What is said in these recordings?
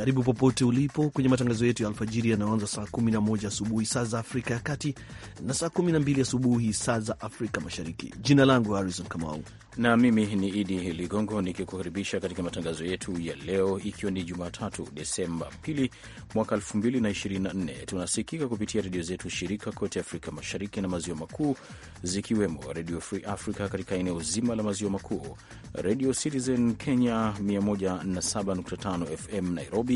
Karibu popote ulipo kwenye matangazo yetu ya alfajiri yanayoanza saa 11 asubuhi saa za Afrika ya Kati na saa 12 asubuhi saa za Afrika Mashariki. Jina langu Harrison Kamau na mimi ni Idi Ligongo nikikukaribisha katika matangazo yetu ya leo, ikiwa ni Jumatatu Desemba 2 mwaka 2024. Tunasikika kupitia redio zetu shirika kote Afrika Mashariki na Maziwa Makuu, zikiwemo Redio Free Africa katika eneo zima la Maziwa Makuu, Redio Citizen Kenya 107.5 FM Nairobi,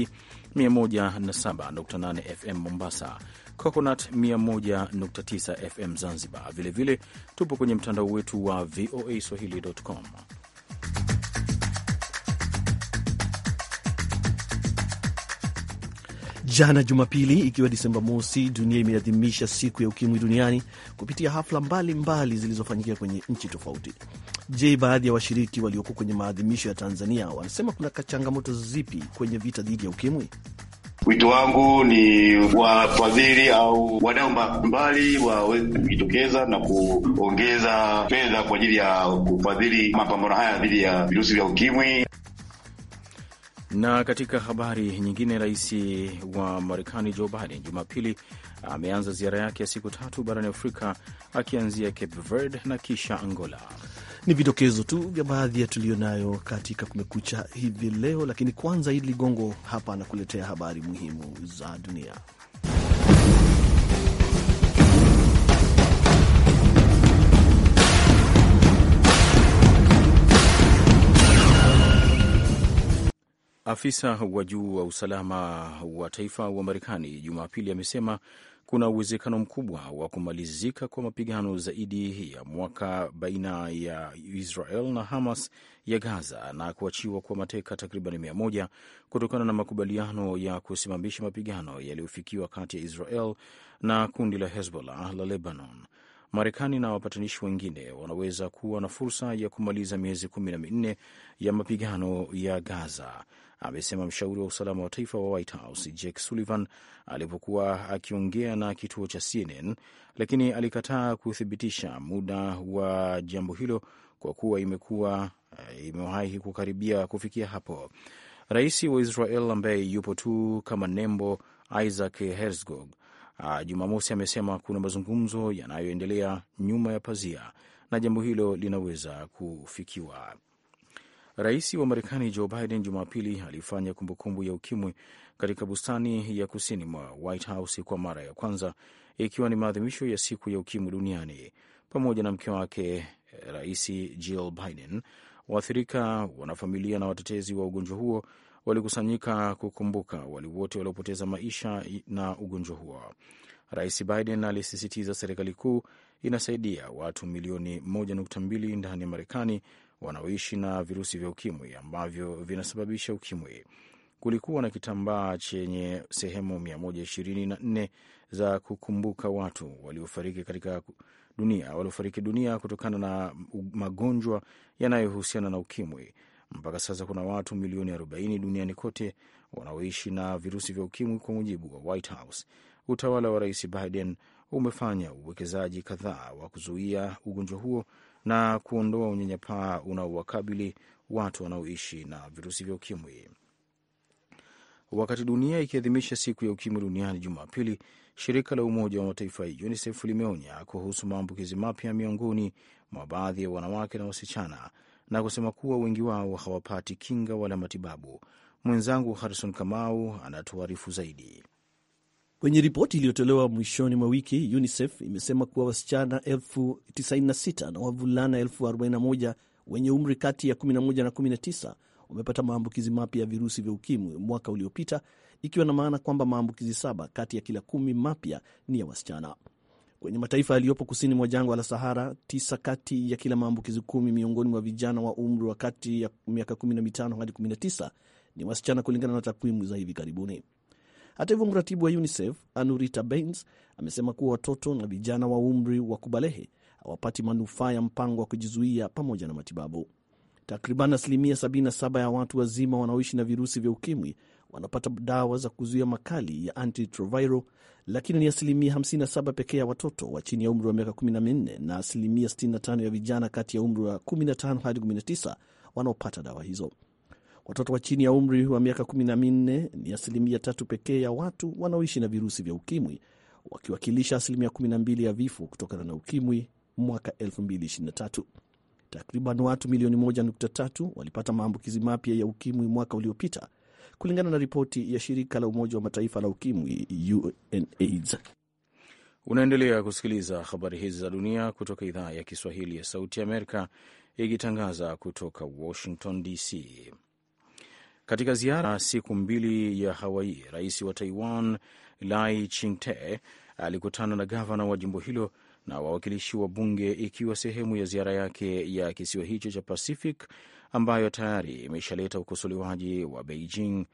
Nairobi 107.8 FM Mombasa, Coconut 101.9 FM Zanzibar. Vilevile vile, tupo kwenye mtandao wetu wa VOA swahili.com. Jana Jumapili, ikiwa Disemba mosi, dunia imeadhimisha siku ya ukimwi duniani kupitia hafla mbalimbali zilizofanyika kwenye nchi tofauti. Je, baadhi ya washiriki walioko kwenye maadhimisho ya Tanzania wanasema kuna changamoto zipi kwenye vita dhidi ya ukimwi? Wito wangu ni wafadhili au wadau mbalimbali waweze kujitokeza na kuongeza fedha kwa ajili ya kufadhili mapambano haya dhidi ya virusi vya ukimwi. Na katika habari nyingine, rais wa Marekani Joe Biden Jumapili ameanza ziara yake ya siku tatu barani Afrika, akianzia Cape Verde na kisha Angola. Ni vidokezo tu vya baadhi ya tuliyonayo katika Kumekucha hivi leo, lakini kwanza, Idi Ligongo hapa anakuletea habari muhimu za dunia. Afisa wa juu wa usalama wa taifa wa Marekani Jumapili amesema kuna uwezekano mkubwa wa kumalizika kwa mapigano zaidi ya mwaka baina ya Israel na Hamas ya Gaza na kuachiwa kwa mateka takriban mia moja kutokana na makubaliano ya kusimamisha mapigano yaliyofikiwa kati ya Israel na kundi la Hezbollah la Lebanon. Marekani na wapatanishi wengine wanaweza kuwa na fursa ya kumaliza miezi kumi na minne ya mapigano ya Gaza amesema mshauri wa usalama wa taifa wa White House Jake Sullivan alipokuwa akiongea na kituo cha CNN, lakini alikataa kuthibitisha muda wa jambo hilo kwa kuwa imekuwa eh, imewahi kukaribia kufikia hapo. Rais wa Israel ambaye yupo tu kama nembo, Isaac Herzog, ah, Jumamosi amesema kuna mazungumzo yanayoendelea nyuma ya pazia na jambo hilo linaweza kufikiwa. Rais wa Marekani Joe Biden Jumapili alifanya kumbukumbu ya ukimwi katika bustani ya kusini mwa White House kwa mara ya kwanza, ikiwa ni maadhimisho ya siku ya ukimwi duniani. Pamoja na mke wake Rais Jill Biden, waathirika, wanafamilia na watetezi wa ugonjwa huo walikusanyika kukumbuka wale wote waliopoteza maisha na ugonjwa huo. Rais Biden alisisitiza serikali kuu inasaidia watu milioni 1.2 ndani ya Marekani wanaoishi na virusi vya ukimwi ambavyo vinasababisha ukimwi. Kulikuwa na kitambaa chenye sehemu 124 za kukumbuka watu waliofariki katika dunia waliofariki dunia kutokana na magonjwa yanayohusiana na ukimwi. Mpaka sasa kuna watu milioni 40 duniani kote wanaoishi na virusi vya ukimwi, kwa mujibu wa White House. Utawala wa Rais Biden umefanya uwekezaji kadhaa wa kuzuia ugonjwa huo na kuondoa unyanyapaa unaowakabili watu wanaoishi na virusi vya ukimwi. Wakati dunia ikiadhimisha siku ya ukimwi duniani Jumapili, shirika la Umoja wa Mataifa UNICEF limeonya kuhusu maambukizi mapya miongoni mwa baadhi ya wanawake na wasichana na kusema kuwa wengi wao hawapati kinga wala matibabu. Mwenzangu Harison Kamau anatuarifu zaidi. Kwenye ripoti iliyotolewa mwishoni mwa wiki, UNICEF imesema kuwa wasichana 96 na wavulana 41 wenye umri kati ya 11 na 19 wamepata maambukizi mapya ya virusi vya ukimwi mwaka uliopita, ikiwa na maana kwamba maambukizi saba kati ya kila kumi mapya ni ya wasichana. Kwenye mataifa yaliyopo kusini mwa jangwa la Sahara, tisa kati ya kila maambukizi kumi miongoni mwa vijana wa umri wa kati ya miaka 15 hadi 19 ni wasichana, kulingana na takwimu za hivi karibuni. Hata hivyo, mratibu wa UNICEF Anurita Baines amesema kuwa watoto na vijana wa umri wa kubalehe hawapati manufaa ya mpango wa kujizuia pamoja na matibabu. Takriban asilimia 77 ya watu wazima wanaoishi na virusi vya ukimwi wanapata dawa za kuzuia makali ya antiretroviral, lakini ni asilimia 57 pekee ya watoto wa chini ya umri wa miaka 14 na asilimia 65 ya vijana kati ya umri wa 15 hadi 19 wanaopata dawa hizo. Watoto wa chini ya umri wa miaka kumi na minne ni asilimia tatu pekee ya watu wanaoishi na virusi vya ukimwi, wakiwakilisha asilimia 12 ya vifo kutokana na ukimwi mwaka 223 Takriban watu milioni 1.3 walipata maambukizi mapya ya ukimwi mwaka uliopita kulingana na ripoti ya shirika la Umoja wa Mataifa la ukimwi UNAIDS. Unaendelea kusikiliza habari hizi za dunia kutoka idhaa ya Kiswahili ya Sauti Amerika ikitangaza kutoka Washington DC. Katika ziara siku mbili ya Hawaii, rais wa Taiwan Lai Ching-te alikutana na gavana wa jimbo hilo na wawakilishi wa bunge ikiwa sehemu ya ziara yake ya kisiwa hicho cha Pacific ambayo tayari imeshaleta ukosolewaji wa Beijing.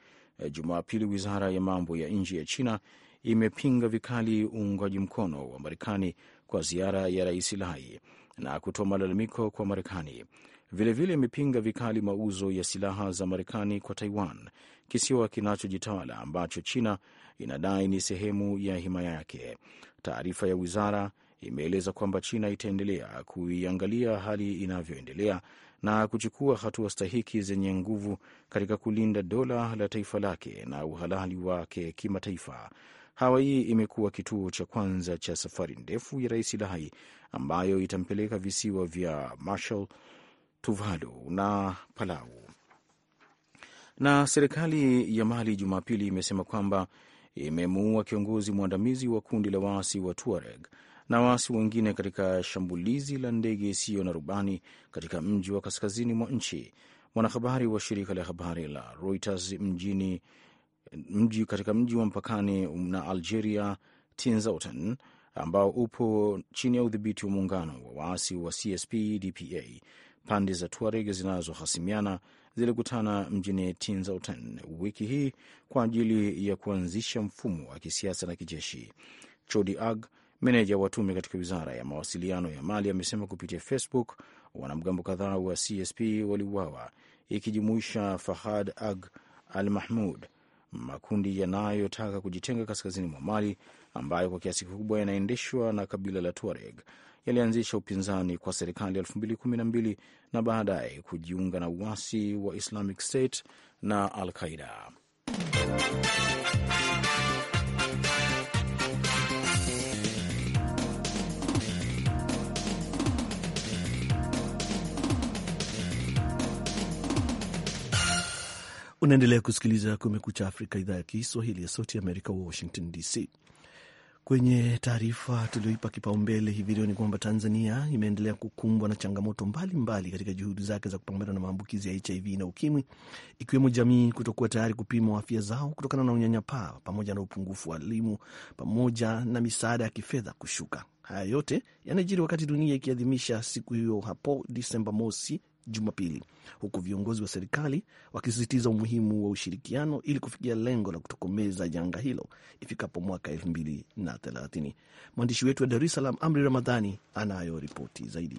Jumapili, wizara ya mambo ya nje ya China imepinga vikali uungwaji mkono wa Marekani kwa ziara ya rais Lai na kutoa malalamiko kwa Marekani. Vilevile imepinga vile vikali mauzo ya silaha za Marekani kwa Taiwan, kisiwa kinachojitawala ambacho China inadai ni sehemu ya himaya yake. Taarifa ya wizara imeeleza kwamba China itaendelea kuiangalia hali inavyoendelea na kuchukua hatua stahiki zenye nguvu katika kulinda dola la taifa lake na uhalali wake kimataifa. Hawaii imekuwa kituo cha kwanza cha safari ndefu ya rais Lai ambayo itampeleka visiwa vya Marshall Tuvalu na Palau. Na serikali ya Mali Jumapili imesema kwamba imemuua kiongozi mwandamizi wa kundi la waasi wa Tuareg na waasi wengine katika shambulizi la ndege isiyo na rubani katika mji wa kaskazini mwa nchi. Mwanahabari wa shirika la habari la Reuters mjini mji katika mji wa mpakani na Algeria Tinzoutan ambao upo chini ya udhibiti wa muungano wa waasi wa CSP DPA Pande za Tuareg zinazohasimiana zilikutana mjini tinzauten wiki hii kwa ajili ya kuanzisha mfumo wa kisiasa na kijeshi. Chodi Ag, meneja wa tume katika wizara ya mawasiliano ya Mali, amesema kupitia Facebook wanamgambo kadhaa wa CSP waliuawa ikijumuisha Fahad Ag al Mahmud makundi yanayotaka kujitenga kaskazini mwa Mali ambayo kwa kiasi kikubwa yanaendeshwa na kabila la Tuareg yalianzisha upinzani kwa serikali 212 na na baadaye kujiunga na uasi wa Islamic State na Al Qaida. Unaendelea kusikiliza Kumekucha Afrika, idhaa ya Kiswahili ya Sauti Amerika, Washington DC. Kwenye taarifa tulioipa kipaumbele hivi leo ni kwamba Tanzania imeendelea kukumbwa na changamoto mbalimbali mbali katika juhudi zake za kupambana na maambukizi ya HIV na UKIMWI, ikiwemo jamii kutokuwa tayari kupima afya zao kutokana na unyanyapaa pamoja na upungufu wa elimu pamoja na misaada ya kifedha kushuka. Haya yote yanajiri wakati dunia ikiadhimisha siku hiyo hapo Disemba mosi, Jumapili, huku viongozi wa serikali wakisisitiza umuhimu wa ushirikiano ili kufikia lengo la kutokomeza janga hilo ifikapo mwaka elfu mbili na thelathini. Mwandishi wetu wa Dar es Salaam, Amri Ramadhani, anayo ripoti zaidi.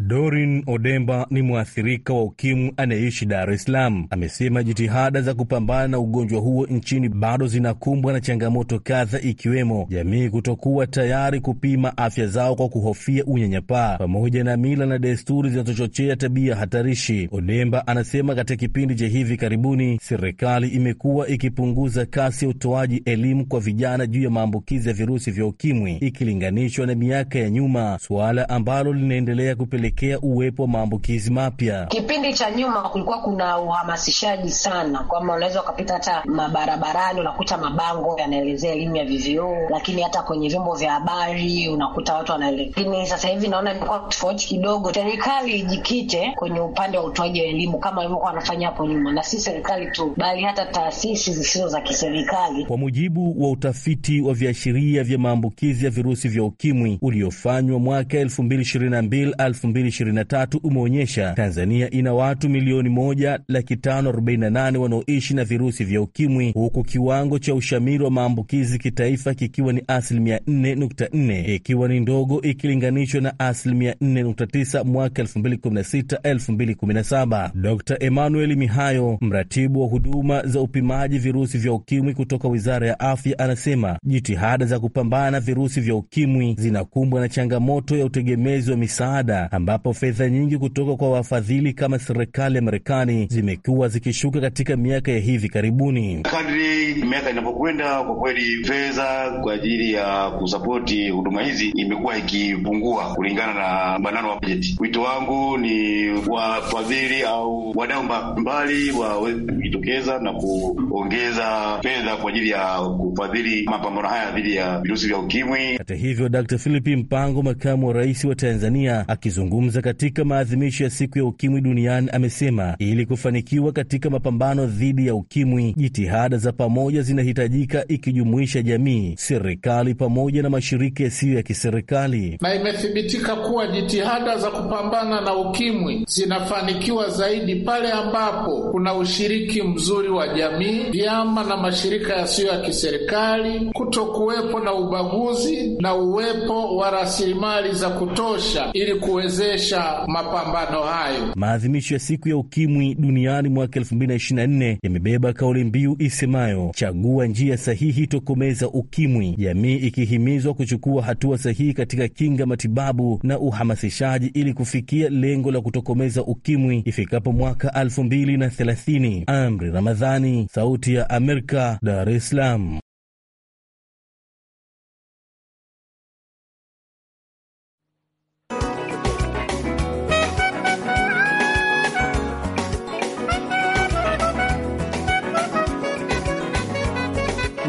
Dorin Odemba ni mwathirika wa ukimwi anayeishi Dar es Salaam. Amesema jitihada za kupambana na ugonjwa huo nchini bado zinakumbwa na changamoto kadha, ikiwemo jamii kutokuwa tayari kupima afya zao kwa kuhofia unyanyapaa pamoja na mila na desturi zinazochochea tabia hatarishi. Odemba anasema katika kipindi cha hivi karibuni serikali imekuwa ikipunguza kasi ya utoaji elimu kwa vijana juu ya maambukizi ya virusi vya ukimwi ikilinganishwa na miaka ya nyuma, suala ambalo linaendelea kupelekea kupelekea uwepo wa maambukizi mapya. Kipindi cha nyuma kulikuwa kuna uhamasishaji sana, kwamba unaweza ukapita hata mabarabarani unakuta mabango yanaelezea elimu ya vivo lakini hata kwenye vyombo vya habari unakuta watu wanaelezea. Lakini sasa hivi naona ilikuwa tofauti kidogo, serikali ijikite kwenye upande wa utoaji wa elimu kama alivyokuwa wanafanya hapo nyuma, na si serikali tu, bali hata taasisi zisizo za kiserikali. Kwa mujibu wa utafiti wa viashiria vya maambukizi ya virusi vya ukimwi uliofanywa mwaka 2022 2023 umeonyesha Tanzania ina watu milioni 1,548 wanaoishi na virusi vya ukimwi huku kiwango cha ushamiri wa maambukizi kitaifa kikiwa ni asilimia 4.4 ikiwa ni ndogo ikilinganishwa na asilimia 4.9 mwaka 2016-2017. Dr. Emmanuel Mihayo, mratibu wa huduma za upimaji virusi vya ukimwi kutoka Wizara ya Afya, anasema jitihada za kupambana na virusi vya ukimwi zinakumbwa na changamoto ya utegemezi wa misaada ambapo fedha nyingi kutoka kwa wafadhili kama serikali ya Marekani zimekuwa zikishuka katika miaka ya hivi karibuni. Kadri miaka inapokwenda, kwa kweli fedha kwa ajili ya kusapoti huduma hizi imekuwa ikipungua kulingana na mbanano wa bajeti. Wito wangu ni wafadhili au wadau mbalimbali waweze kujitokeza na kuongeza fedha kwa ajili ya kufadhili mapambano haya dhidi ya virusi vya ukimwi. Hata hivyo, Dr. Philip Mpango, makamu wa rais wa Tanzania, akizungumza Akizungumza katika maadhimisho ya siku ya ukimwi duniani, amesema ili kufanikiwa katika mapambano dhidi ya ukimwi, jitihada za pamoja zinahitajika, ikijumuisha jamii, serikali pamoja na mashirika yasiyo ya kiserikali. Na imethibitika kuwa jitihada za kupambana na ukimwi zinafanikiwa zaidi pale ambapo kuna ushiriki mzuri wa jamii, vyama na mashirika yasiyo ya kiserikali, kutokuwepo na ubaguzi na uwepo wa rasilimali za kutosha ili kuweze kuwezesha mapambano hayo. Maadhimisho ya siku ya ukimwi duniani mwaka 2024 yamebeba kauli mbiu isemayo chagua njia sahihi tokomeza ukimwi, jamii ikihimizwa kuchukua hatua sahihi katika kinga, matibabu na uhamasishaji ili kufikia lengo la kutokomeza ukimwi ifikapo mwaka 2030. Amri Ramadhani, Sauti ya Amerika, Dar es Salaam.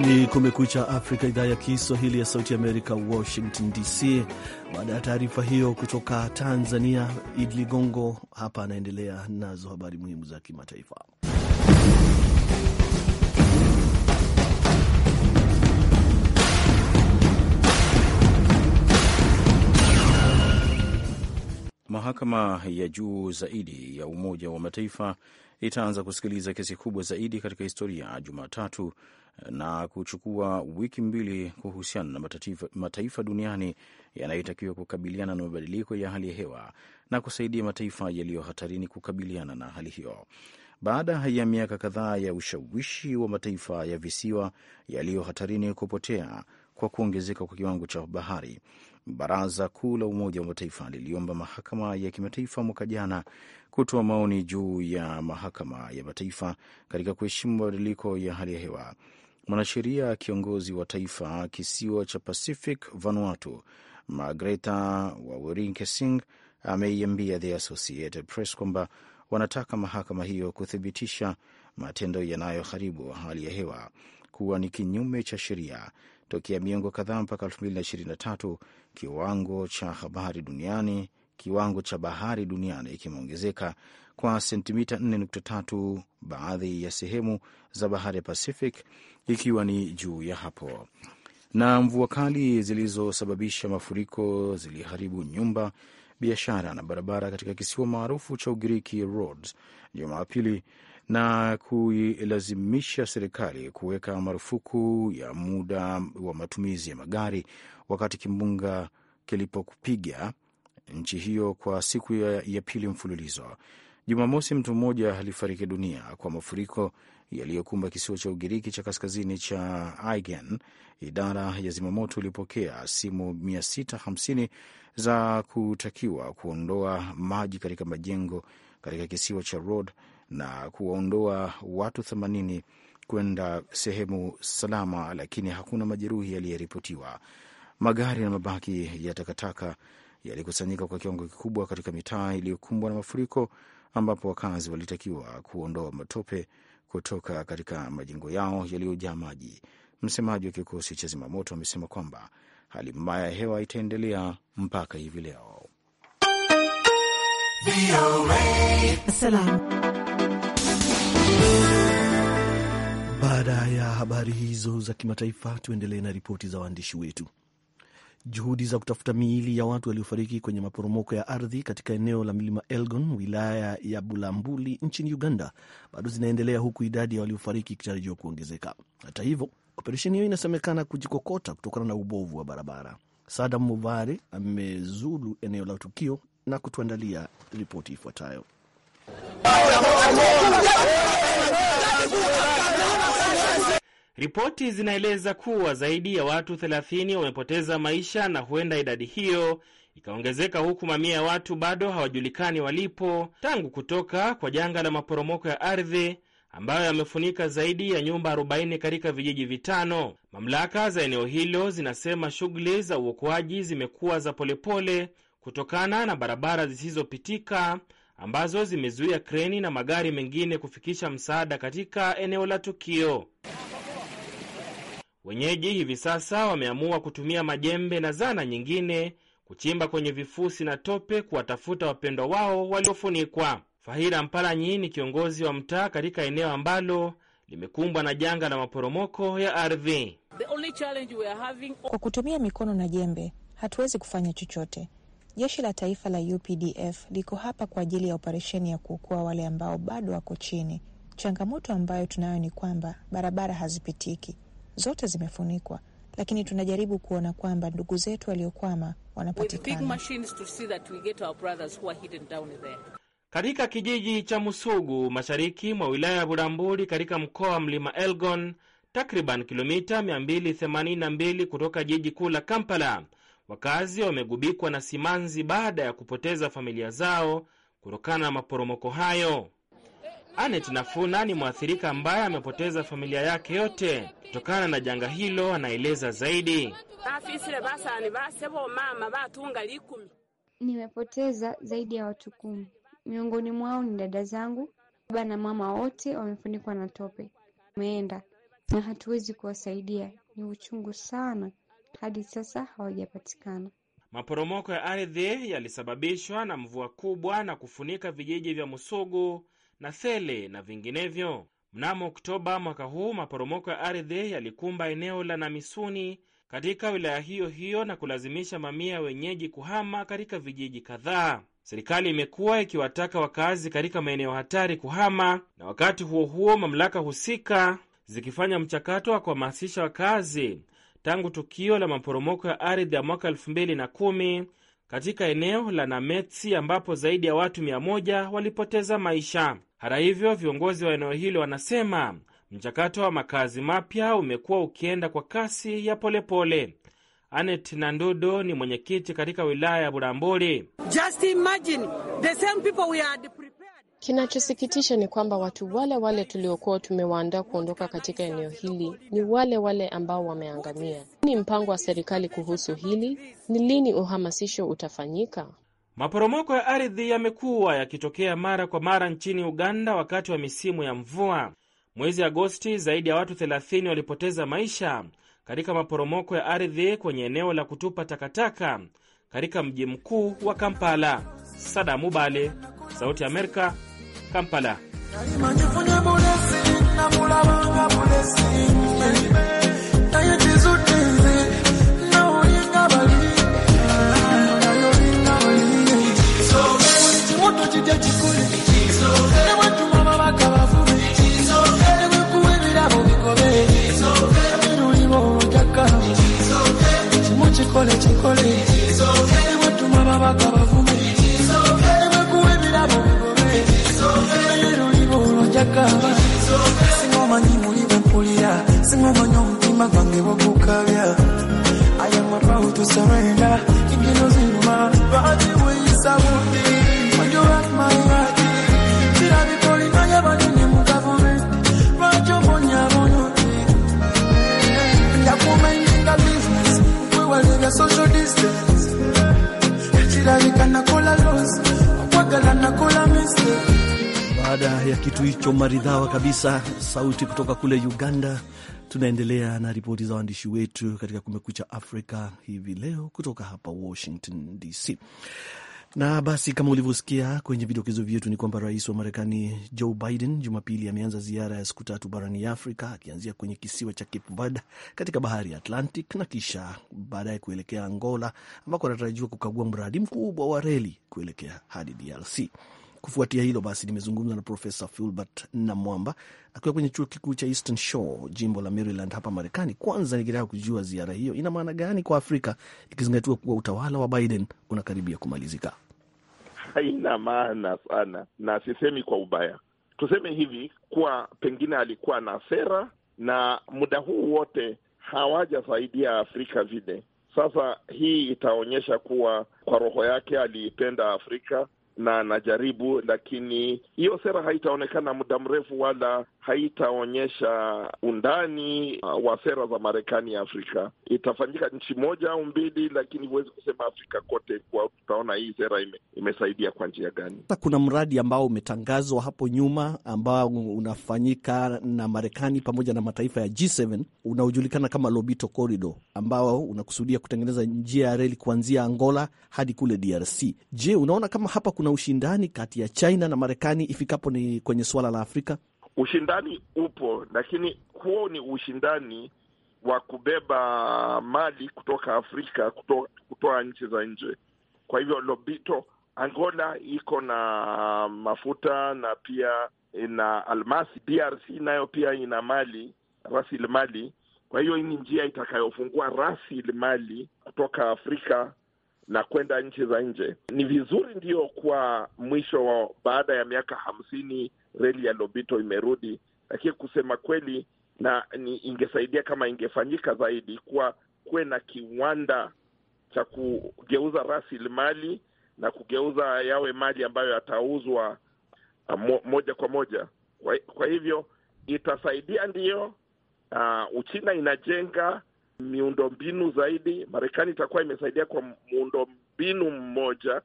ni Kumekucha Afrika, idhaa ya Kiswahili ya Sauti Amerika, Washington DC. Baada ya taarifa hiyo kutoka Tanzania, id Ligongo hapa anaendelea nazo habari muhimu za kimataifa. Mahakama ya juu zaidi ya Umoja wa Mataifa itaanza kusikiliza kesi kubwa zaidi katika historia Jumatatu na kuchukua wiki mbili kuhusiana na mataifa duniani yanayotakiwa kukabiliana na mabadiliko ya hali ya hewa na kusaidia mataifa yaliyo hatarini kukabiliana na hali hiyo. Baada ya miaka kadhaa ya ushawishi wa mataifa ya visiwa yaliyo hatarini kupotea kwa kuongezeka kwa kiwango cha bahari, Baraza Kuu la Umoja wa Mataifa liliomba Mahakama ya Kimataifa mwaka jana kutoa maoni juu ya Mahakama ya Mataifa katika kuheshimu mabadiliko ya hali ya hewa mwanasheria kiongozi wa taifa kisiwa cha Pacific Vanuatu, magreta Wawerinkesing ameiambia The Associated Press kwamba wanataka mahakama hiyo kuthibitisha matendo yanayoharibu hali ya hewa kuwa ni kinyume cha sheria. Tokea miongo kadhaa mpaka 2023 kiwango cha habari duniani kiwango cha bahari duniani kimeongezeka kwa sentimita 4.3, baadhi ya sehemu za bahari ya Pacific ikiwa ni juu ya hapo. Na mvua kali zilizosababisha mafuriko ziliharibu nyumba, biashara na barabara katika kisiwa maarufu cha Ugiriki Rhodes Jumapili na kuilazimisha serikali kuweka marufuku ya muda wa matumizi ya magari wakati kimbunga kilipokupiga nchi hiyo kwa siku ya, ya pili mfululizo. Jumamosi, mtu mmoja alifariki dunia kwa mafuriko yaliyokumba kisiwa cha Ugiriki cha kaskazini cha Aegean. Idara ya zimamoto ilipokea simu 650 za kutakiwa kuondoa maji katika majengo katika kisiwa cha Rod na kuwaondoa watu 80 kwenda sehemu salama, lakini hakuna majeruhi yaliyeripotiwa. Magari na mabaki ya takataka yalikusanyika kwa kiwango kikubwa katika mitaa iliyokumbwa na mafuriko, ambapo wakazi walitakiwa kuondoa matope kutoka katika majengo yao yaliyojaa maji. Msemaji wa kikosi cha zimamoto amesema kwamba hali mbaya ya hewa itaendelea mpaka hivi leo. Baada ya habari hizo za kimataifa, tuendelee na ripoti za waandishi wetu. Juhudi za kutafuta miili ya watu waliofariki kwenye maporomoko ya ardhi katika eneo la milima Elgon, wilaya ya Bulambuli nchini Uganda, bado zinaendelea huku idadi ya waliofariki ikitarajiwa kuongezeka. Hata hivyo, operesheni hiyo inasemekana kujikokota kutokana na ubovu wa barabara. Sadam Muvare amezuru eneo la tukio na kutuandalia ripoti ifuatayo. Ripoti zinaeleza kuwa zaidi ya watu 30 wamepoteza maisha na huenda idadi hiyo ikaongezeka huku mamia ya watu bado hawajulikani walipo tangu kutoka kwa janga la maporomoko ya ardhi ambayo yamefunika zaidi ya nyumba 40 katika vijiji vitano. Mamlaka za eneo hilo zinasema shughuli za uokoaji zimekuwa za polepole kutokana na barabara zisizopitika ambazo zimezuia kreni na magari mengine kufikisha msaada katika eneo la tukio. Wenyeji hivi sasa wameamua kutumia majembe na zana nyingine kuchimba kwenye vifusi na tope kuwatafuta wapendwa wao waliofunikwa. Fahira Mpalanyi ni kiongozi wa mtaa katika eneo ambalo limekumbwa na janga la maporomoko ya ardhi. having... kwa kutumia mikono na jembe hatuwezi kufanya chochote. Jeshi la taifa la UPDF liko hapa kwa ajili ya operesheni ya kuokoa wale ambao bado wako chini. Changamoto ambayo tunayo ni kwamba barabara hazipitiki zote zimefunikwa, lakini tunajaribu kuona kwamba ndugu zetu waliokwama wanapatikana. Katika kijiji cha Musugu mashariki mwa wilaya ya Bulambuli katika mkoa wa Mlima Elgon, takriban kilomita 282 kutoka jiji kuu la Kampala, wakazi wamegubikwa na simanzi baada ya kupoteza familia zao kutokana na maporomoko hayo. Anet Nafuna ni mwathirika ambaye amepoteza familia yake yote kutokana na janga hilo. Anaeleza zaidi. Nimepoteza zaidi ya watu kumi, miongoni mwao ni dada zangu. Baba na mama wote wamefunikwa na tope, wameenda na hatuwezi kuwasaidia. Ni uchungu sana, hadi sasa hawajapatikana. Maporomoko ya ardhi yalisababishwa na mvua kubwa na kufunika vijiji vya Musugu na sele na vinginevyo. Mnamo Oktoba mwaka huu maporomoko ya ardhi yalikumba eneo la Namisuni katika wilaya hiyo hiyo na kulazimisha mamia ya wenyeji kuhama katika vijiji kadhaa. Serikali imekuwa ikiwataka wakazi katika maeneo hatari kuhama, na wakati huo huo mamlaka husika zikifanya mchakato wa kuhamasisha wakazi tangu tukio la maporomoko ya ardhi ya mwaka kumi katika eneo la Nametsi ambapo zaidi ya watu moja walipoteza maisha. Hata hivyo, viongozi wa eneo hilo wanasema mchakato wa makazi mapya umekuwa ukienda kwa kasi ya polepole. Anet Nandudo ni mwenyekiti katika wilaya ya Buramburi. Kinachosikitisha ni kwamba watu wale wale tuliokuwa tumewaandaa kuondoka katika eneo hili ni wale wale ambao wameangamia. Ni mpango wa serikali kuhusu hili? Ni lini uhamasisho utafanyika? Maporomoko ya ardhi yamekuwa yakitokea mara kwa mara nchini Uganda wakati wa misimu ya mvua. Mwezi Agosti, zaidi ya watu 30 walipoteza maisha katika maporomoko ya ardhi kwenye eneo la kutupa takataka katika mji mkuu wa Kampala. Sadamu Bale, Sauti ya Amerika, Kampala. chikole chikole emwe tumaba Baada ya kitu hicho maridhawa kabisa, sauti kutoka kule Uganda. Tunaendelea na ripoti za waandishi wetu katika Kumekucha Afrika hivi leo kutoka hapa Washington DC. Na basi kama ulivyosikia kwenye vidokezo vyetu ni kwamba rais wa Marekani Joe Biden Jumapili ameanza ziara ya siku tatu barani Afrika, akianzia kwenye kisiwa cha Cape Verde katika bahari ya Atlantic na kisha baadaye kuelekea Angola, ambako anatarajiwa kukagua mradi mkubwa wa reli kuelekea hadi DRC. Kufuatia hilo basi, nimezungumza na Profesa Fulbert Namwamba akiwa kwenye chuo kikuu cha Eastern Shore, jimbo la Maryland hapa Marekani. Kwanza nikitaka kujua ziara hiyo ina maana gani kwa Afrika, ikizingatiwa kuwa utawala wa Biden unakaribia kumalizika haina maana sana, na sisemi kwa ubaya. Tuseme hivi kuwa pengine alikuwa na sera na muda huu wote hawajasaidia Afrika vile. Sasa hii itaonyesha kuwa kwa roho yake aliipenda Afrika na anajaribu, lakini hiyo sera haitaonekana muda mrefu, wala haitaonyesha undani uh, wa sera za Marekani ya Afrika. Itafanyika nchi moja au mbili, lakini huwezi kusema Afrika kote kwa tutaona hii sera ime, imesaidia kwa njia gani. Kuna mradi ambao umetangazwa hapo nyuma ambao unafanyika na Marekani pamoja na mataifa ya G7 unaojulikana kama Lobito Corridor ambao unakusudia kutengeneza njia ya reli kuanzia Angola hadi kule DRC. Je, unaona kama hapa kuna ushindani kati ya China na Marekani ifikapo ni kwenye suala la Afrika? ushindani upo, lakini huo ni ushindani wa kubeba mali kutoka Afrika kutoa, nchi za nje. Kwa hivyo Lobito, Angola iko na mafuta na pia ina almasi. DRC nayo pia ina mali rasilimali. Kwa hiyo hii ni njia itakayofungua rasilimali kutoka Afrika na kwenda nchi za nje. Ni vizuri ndio, kwa mwisho wa baada ya miaka hamsini reli ya Lobito imerudi, lakini kusema kweli na ni ingesaidia kama ingefanyika zaidi, kuwa kuwe na kiwanda cha kugeuza rasilimali na kugeuza yawe mali ambayo yatauzwa ah, moja kwa moja. Kwa, kwa hivyo itasaidia ndiyo. Uh, Uchina inajenga miundo mbinu zaidi. Marekani itakuwa imesaidia kwa mbinu mmoja,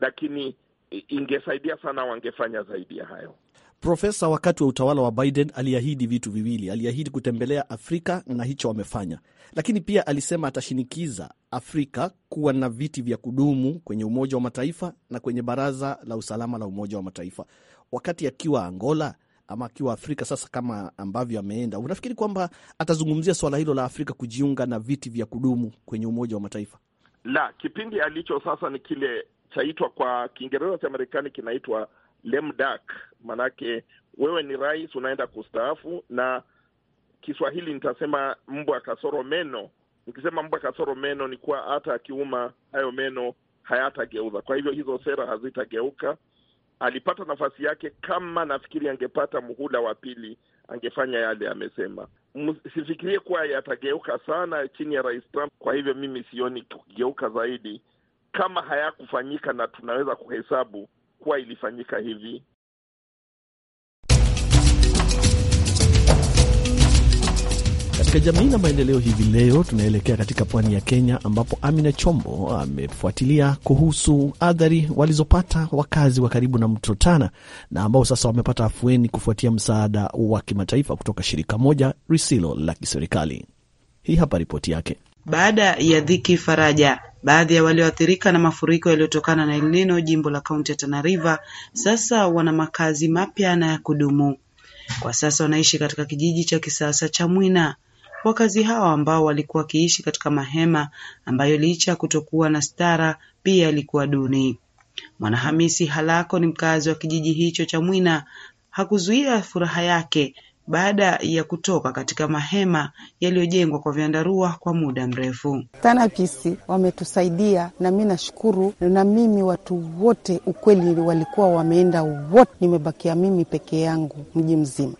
lakini ingesaidia sana wangefanya zaidi ya hayo. Profesa, wakati wa utawala wa Biden aliahidi vitu viwili. Aliahidi kutembelea Afrika na hicho wamefanya, lakini pia alisema atashinikiza Afrika kuwa na viti vya kudumu kwenye Umoja wa Mataifa na kwenye Baraza la Usalama la Umoja wa Mataifa. Wakati akiwa Angola ama akiwa Afrika sasa, kama ambavyo ameenda, unafikiri kwamba atazungumzia swala hilo la Afrika kujiunga na viti vya kudumu kwenye Umoja wa Mataifa? La, kipindi alicho sasa ni kile chaitwa kwa Kiingereza cha Marekani kinaitwa lame duck Manake wewe ni rais, unaenda kustaafu. Na Kiswahili nitasema mbwa kasoro meno. Nikisema mbwa kasoro meno ni kuwa hata akiuma hayo meno hayatageuza. Kwa hivyo hizo sera hazitageuka. Alipata nafasi yake, kama nafikiri angepata muhula wa pili angefanya yale amesema. Sifikirie kuwa yatageuka sana chini ya rais Trump. Kwa hivyo mimi sioni kugeuka zaidi, kama hayakufanyika na tunaweza kuhesabu kuwa ilifanyika hivi Katika jamii na maendeleo, hivi leo tunaelekea katika pwani ya Kenya, ambapo Amina Chombo amefuatilia kuhusu athari walizopata wakazi wa karibu na mto Tana na ambao sasa wamepata afueni kufuatia msaada wa kimataifa kutoka shirika moja risilo la kiserikali. Hii hapa ripoti yake. Baada ya dhiki faraja, baadhi ya walioathirika na mafuriko yaliyotokana na El Nino jimbo la kaunti ya Tana River sasa wana makazi mapya na ya kudumu. Kwa sasa wanaishi katika kijiji cha kisasa cha Mwina Wakazi hao ambao walikuwa wakiishi katika mahema ambayo licha kutokuwa na stara pia yalikuwa duni. Mwanahamisi Halako ni mkazi wa kijiji hicho cha Mwina, hakuzuia furaha yake baada ya kutoka katika mahema yaliyojengwa kwa vyandarua kwa muda mrefu. Tanapisi wametusaidia, na mi nashukuru. Na mimi watu wote ukweli walikuwa wameenda wote, nimebakia mimi peke yangu mji mzima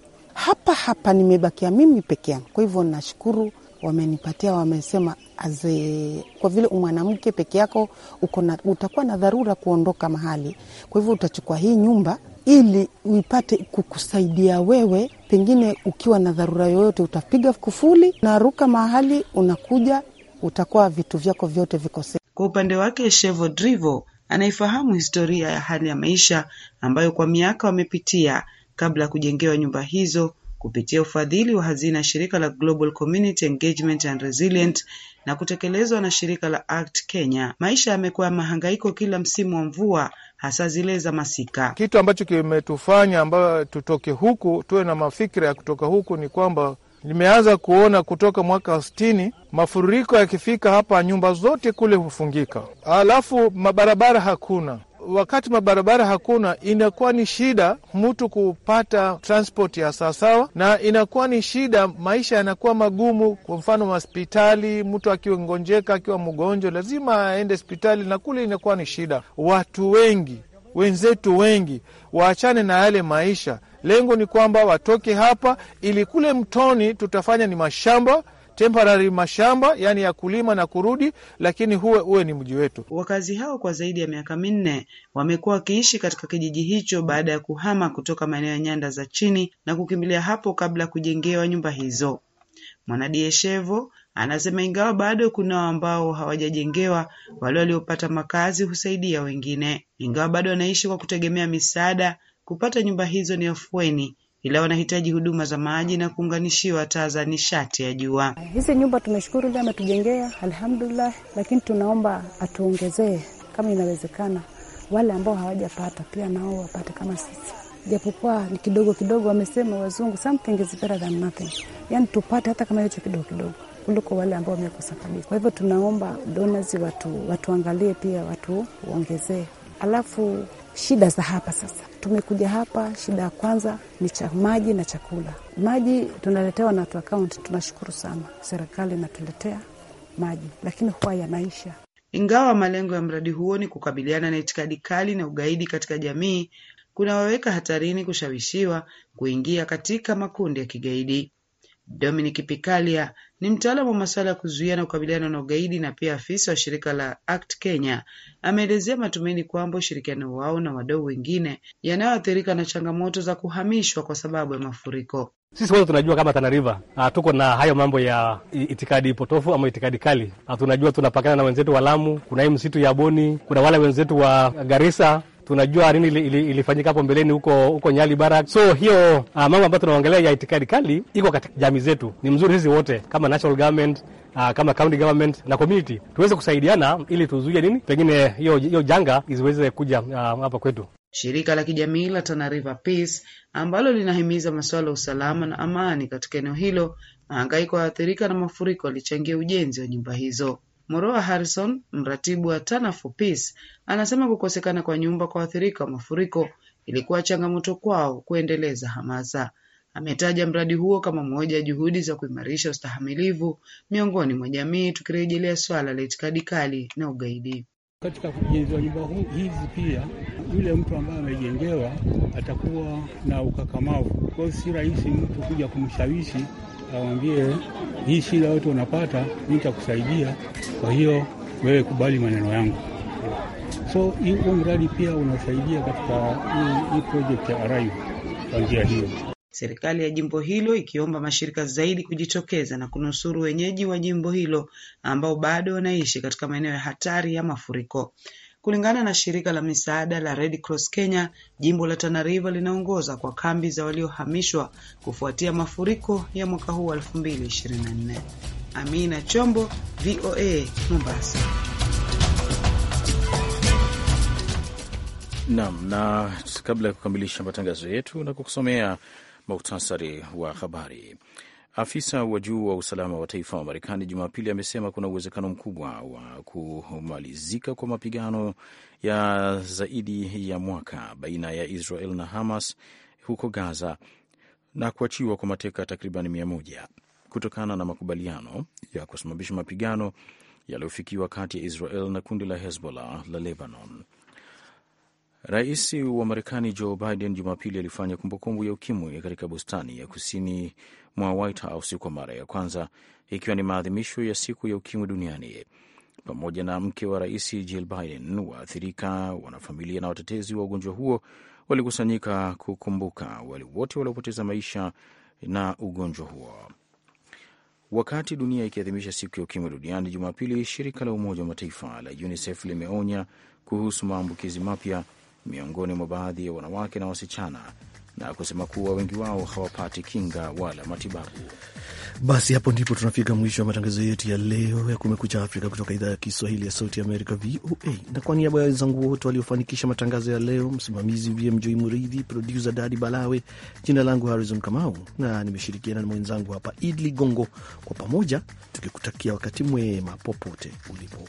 hapa hapa nimebakia mimi peke yangu. Kwa hivyo nashukuru wamenipatia, wamesema aze, kwa vile mwanamke peke yako uko na, utakuwa na dharura kuondoka mahali, kwa hivyo utachukua hii nyumba ili nipate kukusaidia wewe, pengine ukiwa na dharura yoyote, utapiga kufuli, naruka mahali, unakuja, utakuwa vitu vyako vyote vikose. Kwa upande wake Shevo Drivo anaifahamu historia ya hali ya maisha ambayo kwa miaka wamepitia kabla ya kujengewa nyumba hizo kupitia ufadhili wa hazina ya shirika la Global Community Engagement and Resilient na kutekelezwa na shirika la ACT Kenya. Maisha yamekuwa ya mahangaiko kila msimu wa mvua, hasa zile za masika. Kitu ambacho kimetufanya ambayo tutoke huku tuwe na mafikira ya kutoka huku ni kwamba nimeanza kuona kutoka mwaka sitini mafuriko yakifika hapa, nyumba zote kule hufungika, alafu mabarabara hakuna wakati mabarabara hakuna, inakuwa ni shida mtu kupata transport ya sawasawa, na inakuwa ni shida, maisha yanakuwa magumu. Kwa mfano hospitali, mtu akigonjeka, akiwa mgonjwa, lazima aende hospitali, na kule inakuwa ni shida. Watu wengi wenzetu wengi waachane na yale maisha. Lengo ni kwamba watoke hapa, ili kule mtoni tutafanya ni mashamba temporary mashamba yani ya kulima na kurudi, lakini huwe uwe ni mji wetu. Wakazi hao kwa zaidi ya miaka minne wamekuwa wakiishi katika kijiji hicho baada ya kuhama kutoka maeneo ya nyanda za chini na kukimbilia hapo kabla ya kujengewa nyumba hizo. Mwanadieshevo anasema ingawa bado kunao ambao hawajajengewa, wale waliopata makazi husaidia wengine. Ingawa bado wanaishi kwa kutegemea misaada, kupata nyumba hizo ni afueni ila wanahitaji huduma za maji na kuunganishiwa taa za nishati ya jua. Hizi nyumba tumeshukuru, ile ametujengea alhamdulillah, lakini tunaomba atuongezee kama inawezekana, wale ambao hawajapata pia nao wapate kama sisi, japokuwa ni kidogo kidogo. Wamesema wazungu something is better than nothing, yani tupate hata kama hicho kidogo kidogo kuliko wale ambao wamekosa kabisa. Kwa hivyo tunaomba donors watu watuangalie pia watuongezee, alafu shida za hapa sasa. Tumekuja hapa, shida ya kwanza ni cha maji na chakula. Maji tunaletewa na watu wa kaunti, tunashukuru sana serikali inatuletea maji, lakini huwa yanaisha. Ingawa malengo ya mradi huo ni kukabiliana na itikadi kali na ugaidi katika jamii, kunawaweka hatarini kushawishiwa kuingia katika makundi ya kigaidi. Dominic Pikalia ni mtaalamu wa masuala ya kuzuia na kukabiliana na ugaidi na pia afisa wa shirika la ACT Kenya ameelezea matumaini kwamba ushirikiano wao na wadau wengine yanayoathirika na changamoto za kuhamishwa kwa sababu ya mafuriko. Sisi wote tunajua kama Tana River ah, tuko na hayo mambo ya itikadi potofu ama itikadi kali. Ah, tunajua tunapakana na wenzetu wa Lamu, kuna hii msitu ya Boni, kuna wale wenzetu wa Garissa tunajua nini ilifanyika hapo mbeleni huko huko Nyali Barak. So hiyo uh, mambo ambayo tunaongelea ya itikadi kali iko katika jamii zetu, ni mzuri sisi wote kama national government Uh, kama county government na community tuweze kusaidiana ili tuzuie nini pengine hiyo janga isiweze kuja ah, hapa uh, kwetu. Shirika la kijamii la Tana River Peace ambalo linahimiza masuala ya usalama na amani katika eneo hilo, mahangaiko waathirika na mafuriko alichangia ujenzi wa nyumba hizo moroa Harrison mratibu wa Turn for Peace anasema kukosekana kwa nyumba kwa waathirika wa mafuriko ilikuwa changamoto kwao kuendeleza hamasa. Ametaja mradi huo kama moja ya juhudi za kuimarisha ustahamilivu miongoni mwa jamii, tukirejelea swala la itikadi kali na ugaidi. Katika ujenzi wa nyumba hizi pia yule mtu ambaye amejengewa atakuwa na ukakamavu, kwa hiyo si rahisi mtu kuja kumshawishi awambie hii shida wote unapata, mi nitakusaidia, kwa hiyo wewe kubali maneno yangu. So huu mradi pia unasaidia katika hii project ya Arrive kwa njia hiyo. Serikali ya jimbo hilo ikiomba mashirika zaidi kujitokeza na kunusuru wenyeji wa jimbo hilo ambao bado wanaishi katika maeneo ya hatari ya mafuriko. Kulingana na shirika la misaada la Red Cross Kenya, jimbo la Tana River linaongoza kwa kambi za waliohamishwa kufuatia mafuriko ya mwaka huu 2024. Amina Chombo, VOA, Mombasa. nam na kabla ya kukamilisha matangazo yetu na kukusomea muktasari wa habari Afisa wa juu wa usalama wa taifa wa Marekani Jumapili amesema kuna uwezekano mkubwa wa kumalizika kwa mapigano ya zaidi ya mwaka baina ya Israel na Hamas huko Gaza na kuachiwa kwa mateka takriban mia moja kutokana na makubaliano ya kusimamisha mapigano yaliyofikiwa kati ya Israel na kundi la Hezbollah la Lebanon. Rais wa Marekani Joe Biden Jumapili alifanya kumbukumbu ya ukimwi katika bustani ya kusini mwa White House kwa mara ya kwanza, ikiwa ni maadhimisho ya siku ya ukimwi duniani. Pamoja na mke wa rais Jill Biden, waathirika, wanafamilia na watetezi wa ugonjwa huo walikusanyika kukumbuka wale wote waliopoteza maisha na ugonjwa huo. Wakati dunia ikiadhimisha siku ya ukimwi duniani Jumapili, shirika la Umoja wa Mataifa la UNICEF limeonya kuhusu maambukizi mapya miongoni mwa baadhi ya wanawake na wasichana na kusema kuwa wengi wao hawapati kinga wala matibabu. Basi hapo ndipo tunafika mwisho wa matangazo yetu ya leo ya Kumekucha Afrika kutoka idhaa ya Kiswahili ya Sauti Amerika, VOA. Na kwa niaba ya wenzangu wote waliofanikisha matangazo ya leo, msimamizi VMJ Muridhi, produsa Dadi Balawe, jina langu Harrison Kamau na nimeshirikiana na mwenzangu hapa Idli Gongo, kwa pamoja tukikutakia wakati mwema popote ulipo.